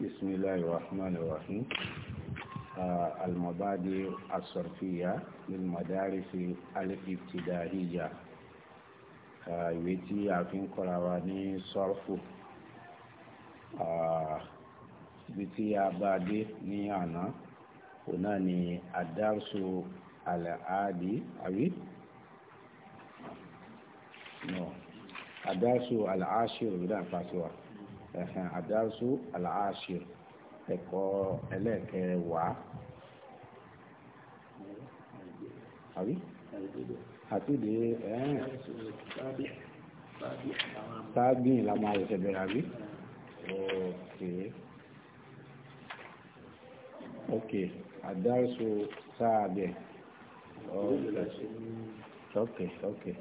بسم الله الرحمن الرحيم آه المبادئ الصرفية للمدارس الابتدائية ìwé tí a fi ń kọ́ra wa ní sọ́rfù uh, ibi tí a bá dé ní àná kò náà ni àdárso àlàáàdì àrí àdárso àlàáṣírò dá pàṣẹ wa ẹ̀hìn àdárùsù al-ashir ẹ̀kọ́ ẹlẹ́ẹ̀kẹwàá àbí àti ìdè ẹ̀hìn tábìn ìlànà àyẹ̀sẹ̀ bẹ̀rẹ̀ àbí okay okay àdárùsù sáàbẹ̀ okay okay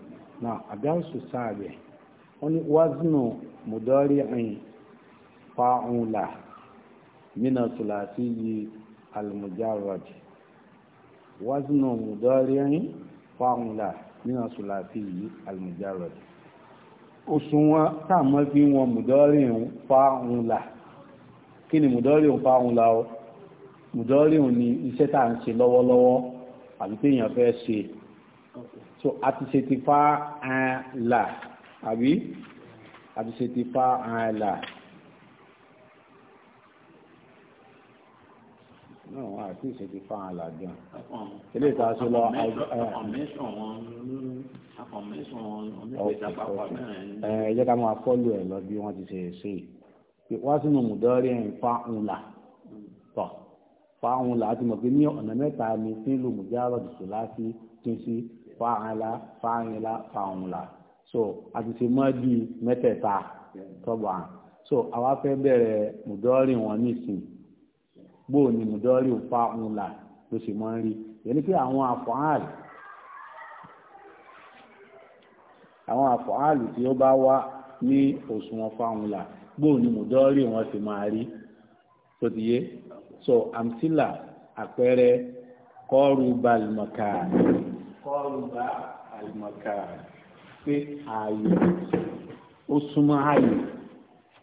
náà àdárùsù sáàbẹ̀ wọ́n ní wázínù mùdọ́rí ẹ̀yìn fáúnlà mínà tùlàtí yìí almujarrad waznu mudari'in fáúnlà mínà tùlàtí yìí almujarrad òṣùwọ̀n táàmọ́ fi wọn mùdọ́rìn fáúnlà kí ni mùdọ́rìn fáúnlà o mùdọ́rìn ni iṣẹ́ tá à ń ṣe lọ́wọ́lọ́wọ́ àbí téèyàn fẹ́ ṣe so a ti ṣe ti fáúnlà àbí a ti ṣe ti fáúnlà. Eh, náà wọn àti ìṣètì eh, fún àwọn àlàjọ ilé ìtaṣọ lọ ẹ jẹ́ ká máa fọ́lù ẹ̀ lọ bí wọ́n ti ṣe ṣe wá sínú mùdọ́rí ẹ̀ fáwọn là tọ̀ fáwọn là á ti mọ̀ pé ní ọ̀nà mẹ́ta ni sílùú mùjárò dùsù láti tún sí fáwọn là fáwọn là fáwọn là so a ti ṣe mọ́ di mẹ́tẹ̀ẹ̀ta tọ́gbà so àwa fẹ́ bẹ̀rẹ̀ mùdọ́rí wọn nísìnyí bóò ni mùdọ́rì òfa ńlá ló sì máa ń rí yẹni pé àwọn àfọ̀hàn àwọn àfọ̀hàn tí ó bá wá ní òṣùwọ̀n fáwọnlà bóò ni mùdọ́rì wọn sì máa rí tó ti yé so amtila àpẹẹrẹ kọrùbà àlùmọ̀kà kọrùbà àlùmọ̀kà pé ààyè ó súnmọ́ ààyè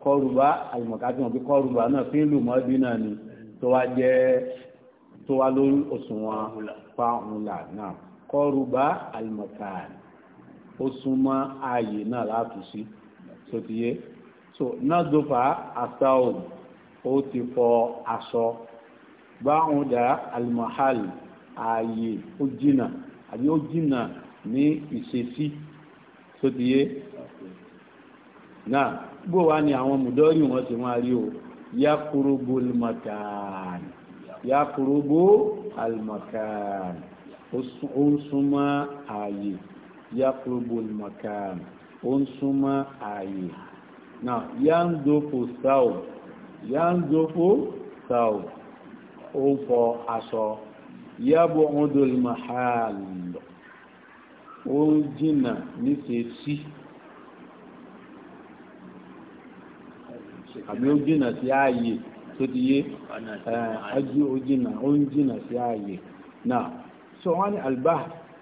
kọrùbà àlùmọ̀kà tí wọ́n fi kọrùbà náà fílù mọ́bí náà ni tó wá jẹ́ tó wá lórí òṣùwọ̀n fáwọnlà náà kọrùbá almakan ó súnmọ́ ààyè náà láti sí tó ti yé so nọ́dọ̀fà asáhùn ó ti fọ aṣọ báhùndà almahal ààyè ó jìnà àbí ó jìnà ní ìṣesí tó ti yé náà gbówá ni àwọn mùdọ́rì wọn ti máa rí o yakurubu almakan yakurubu almakan ó ń súnmọ́ ààyè yakurubu almakan ó ń súnmọ́ ààyè now yandofo south yandofo south ó ń fọ aṣọ yabo ọdọ mahal ó ń jìnnà níṣe sí. Si àbí ó jìnà sí ààyè tó ti yé ajú eh, ó jìnà ó ń jìnà sí ààyè náà so wọ́n ní àlùbá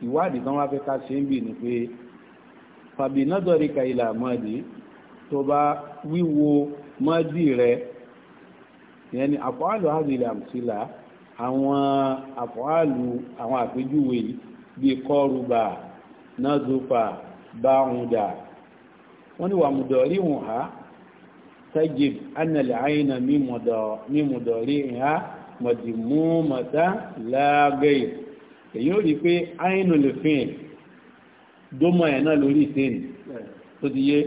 ìwádìí kan wá fẹ́ ká ṣe ń bì ní pé fàbí nọ́dọ̀rí ka ilà mọ́dì tó bá wíwo mọ́dì rẹ ìyẹn ni àpọ́àlù àbílẹ̀ àmùsílà àwọn àpọ́àlù àwọn àpéjúwe bíi kọ́rùbà náà báwùdà wọ́n ní wàmùdọ̀rí wùn ha tajib أن العين mímọ̀dọ̀ rí مدمومة لا lágbẹ̀ẹ́ èyí في عين pé àyìnà lè fi hàn dómọ̀ ẹ̀ náà lórí ìsẹ́ni tó ti yé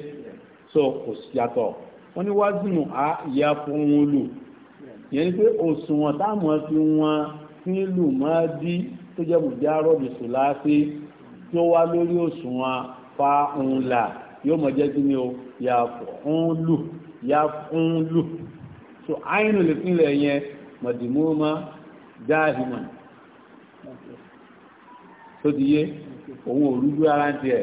sọ kò yàtọ̀ wọ́n ní wá zùnù á yà fún wọn lò yẹn ni pé òṣùwọ̀n táwọn fi wọn nílù máa dí tó jẹ́ bùjá rọ́bì sùláṣí tí ó wá lórí òṣùwọ̀n fa òun là yóò mọ̀ jẹ́ kí ni o yà fún lù ya fún lù so àìnù lè pínlẹ̀ yẹn mọ̀dìmọ́mọ́ jáàdìmọ̀ tó ti yé òun òrújú ara jẹ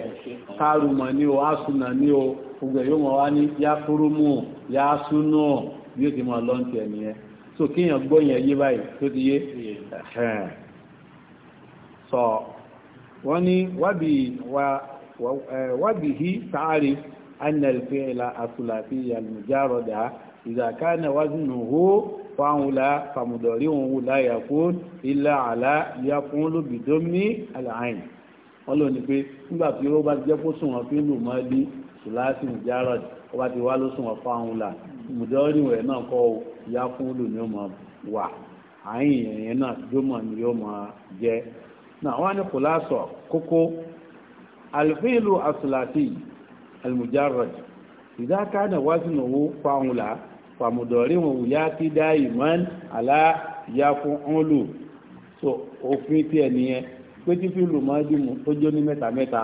ní o ásùnà ní o gbogbo ẹ̀yọ́ mọ̀ wá ní súnú bí ti so gbọ́ yẹn yé báyìí tó yé sọ wọ́n ní wábìí wábìí أن الفعل الثلاثي المجرد إذا كان وزنه فعل فمضارعه لا يكون إلا على يفعل بضم العين wọ́n lò ní pé nígbà tí ó bá jẹ́ kó sùnwọ̀n fi lù mọ́ lí sùláàsì mujarad ó bá ti wá ló sùnwọ̀n fáwọn là mùdọ́rì rẹ̀ náà kọ́ ọ ìyá fún lù ní ọmọ wà àyìn ẹ̀yẹn náà jómọ̀ ni yóò mọ̀ jẹ́ náà wọ́n á ní kò láṣọ kókó àlùfíìlù àsùlàsì yìí المجرد إذا كان وزنه فعلا فمضارعه يأتي دائما على يفعل so òfin tí ẹ nìyẹn pé tí fíìlù máa dì mú tó jó ní mẹ́ta mẹ́ta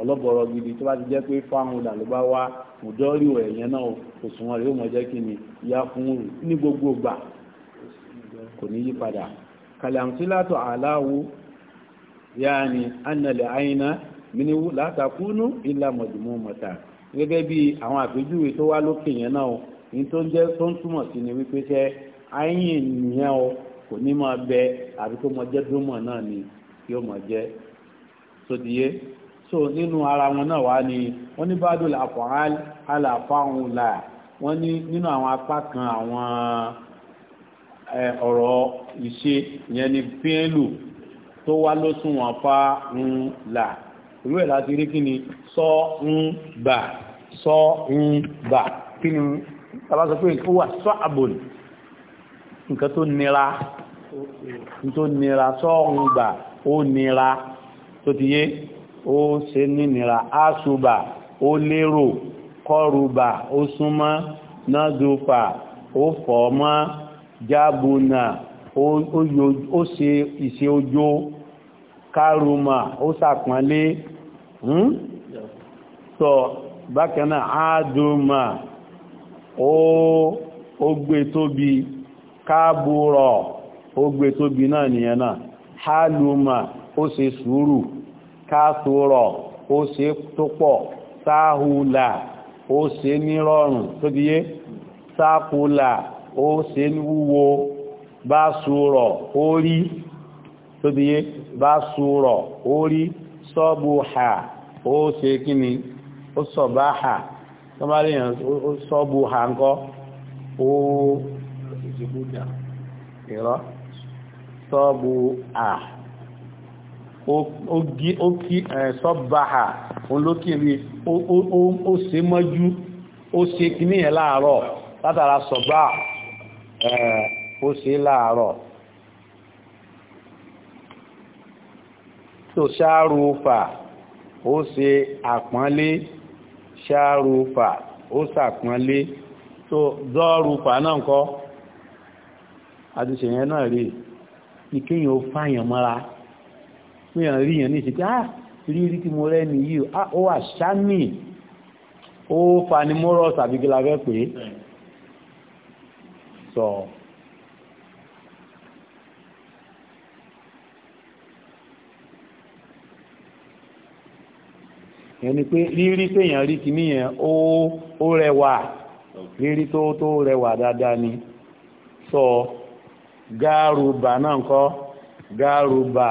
ọlọ́bọ̀rọ̀ gidi tó bá ti jẹ́ pé fáwọn ọ̀dà ló bá wá mùdọ́rì ọ̀ ẹ̀yẹn náà òṣùwọ̀n rẹ̀ yóò mọ̀ jẹ́ kí ni ya fún un ní gbogbo gbà kò ní yí padà kàlàmùsílátọ̀ àláwo yáà ni annalẹ̀ àyínà miniwu látàkúnú ìlà mọ̀dùmọ́ mọ̀ta gẹ́gẹ́ bí àwọn àpèjúwe tó wá lókè yẹn náà ní tó ń jẹ́ tó ń túmọ̀ sí ni wípé ṣẹ́ ayín nìyẹn o kò ní máa bẹ àbí tó mọ jẹ́ dúnmọ̀ náà ni yóò mọ̀ jẹ́ sódìyé so nínú ara wọn náà wá ni wọ́n ní bádùn àfọ̀hán àlàfáhùn là wọ́n ní nínú àwọn apá kan àwọn ọ̀rọ̀ ìṣe yẹn ni pínlù tó wá lóṣùwọ̀n fáhùn là ìlú ẹ̀ láti rí kí ni sọ ń bà sọ ń bà kí ni tàbásọ pé ó wà sọ àbòn nǹkan tó nira tó nira sọ ń bà ó nira tó ti yé ó ṣe ní nira áṣùbà ó lérò kọrùbà ó súnmọ́ náàdùfà ó fọ́ jábùnà ó ṣe ìṣe ojó kárùmà ó sàpọ́nlé tọ hmm? bákan náà áàdùmá ó ogbetobi gbé tóbi káàbùrọ̀ ó gbé tóbi náà nìyẹn náà hálùmá ó ṣe sùúrù káàtòrọ̀ ó ṣe tó pọ̀ sáhùlà ó ṣe nírọ̀rùn tó díyé sákùlà ó ṣe wúwo bá sùúrọ̀ ó rí tó díyé bá sùúrọ̀ ó rí sọ́bùhà ó ṣe kí ni ó sọ̀báhà tọ́bárí yàn ó sọ́bùhà ńkọ́ ó ìrọ́ sọ́bùhà ó kí sọ́bàhà òun ló kiri ó ṣe mọ́jú ó ṣe kí ní ẹ̀ láàárọ̀ látara sọ̀bà ó ṣe láàárọ̀ so ṣáàrùfà ó ṣe àpọ́nlé ṣáàrùfà ó ṣàpọ́nlé so zọ́ọ̀rùfà náà kọ́ àdìṣẹ̀yẹn náà rí ìkéyàn ó fàyàn mọ́ra fíyàn rí yàn ní ìṣẹ́kí ah rírí tí mo rẹ́ ní yìí ah, ó wà ṣáàmì ó fanimọ́rọ̀ sàbígílà fẹ́ pé sọ so, ẹni pé rírí téèyàn rí ní yẹn ó rẹwà rírí tó tó rẹwà dáadáa ni sọ gáàrùbà náà kọ́ gáàrùbà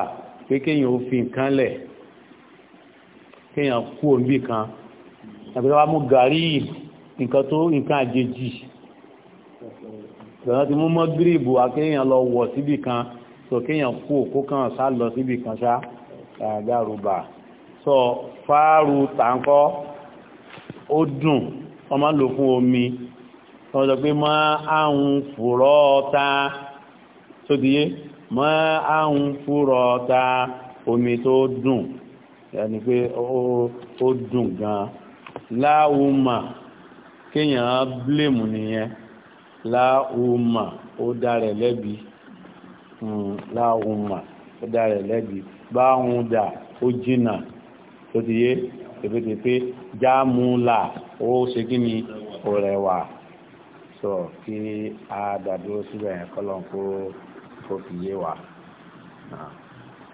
pé kéèyàn ó fi nǹkan lẹ̀ kéèyàn kú òǹbì kan àbíkọ́ wa mú gàrí nǹkan tó nǹkan àjèjì lọ́nà ti mú mọ́ gíríìbù akéèyàn lọ wọ̀ síbì kan sọ kéèyàn kú òkú kan sá lọ síbì kan sá sọ fáàrù tàǹkọ́ ó dùn wọ́n máa ń lò fún omi wọ́n sọ pé mọ́ àrùn fùrọ́ ta sódìyé mọ́ àrùn fùrọ́ ta omi tó dùn yàní pé ó dùn gan-an láwùmà blame nìyẹn láwùmà ó darẹ̀ lẹ́bi hmm, láwùmà ó darẹ̀ lẹ́bi báwùn dà ó jìnnà tó ti yé tẹ̀pẹ́tẹ̀pẹ́ jámúlà ó ṣe kí ni ó rẹwà sọ kí a dàdúró síbẹ̀ kọ́lọ̀ kó fi yé wa. Nah.